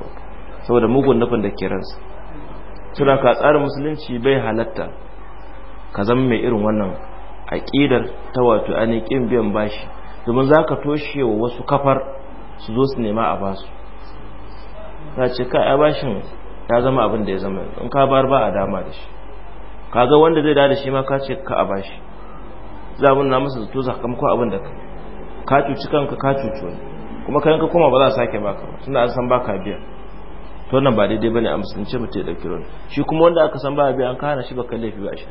saboda mugun nufin da ke ransa suna ka tsarin musulunci bai halatta ka zama mai irin wannan aƙidar ta wato ainihin biyan bashi domin za ka toshe wa wasu kafar su zo su nema a basu ta ce ka a bashin ta zama abin da ya zama in ka bar ba a dama da shi kaga wanda zai da shi ma ka ce ka a bashi za mu na masa zato sakamakon abin da ka cuci kanka ka cuci wani kuma kayan ka koma ba za a sake baka ba tunda an san baka biya to nan ba daidai bane a musulunci mutum ya dauki ron shi kuma wanda aka san ba biya an kana shi baka laifi ba shi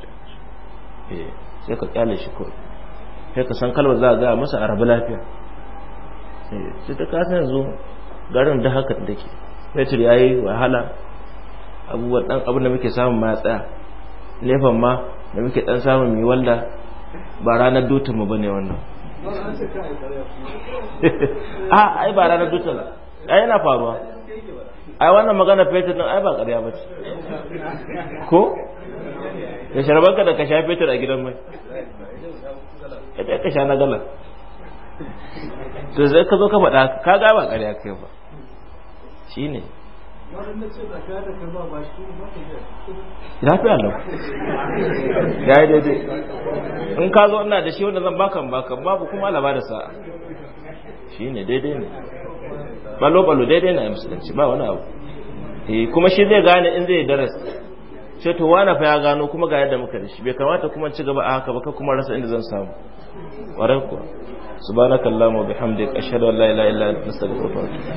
eh sai ka kyale shi ko sai ka san kalmar za a gaya masa a rabu lafiya eh, sai ta kasa yanzu garin da haka take fetur ya yi wahala abubuwan ɗan abin da muke samun ma tsaya nefan ma da muke ɗan samun mai wanda ba ranar dutar mu bane wannan a ah, ai ba ranar dutar ai yana faruwa ai wannan magana fetur din ai ba ƙarya ba ce ko sharban ka da ka sha fetur a gidan mai ita ka sha na galan to zai ka zo ka faɗa ka ga ba ƙarya yi ba Shi ne lafiya lau ya yi daidai in ka zo ina da shi wanda zan bakan bakan babu kuma alaba da sa'a shi ne daidai ne balo-balo daidai na musulunci ba wani abu eh, kuma shi zai gane in zai darasi ce to wani fa ya gano kuma ga yadda muka dashi bai kamata kuma ci gaba a haka ba ka kuma rasa inda zan samu ƙwarar kuwa wa bihamdika ashhadu an la ilaha illa anta astaghfiruka wa atubu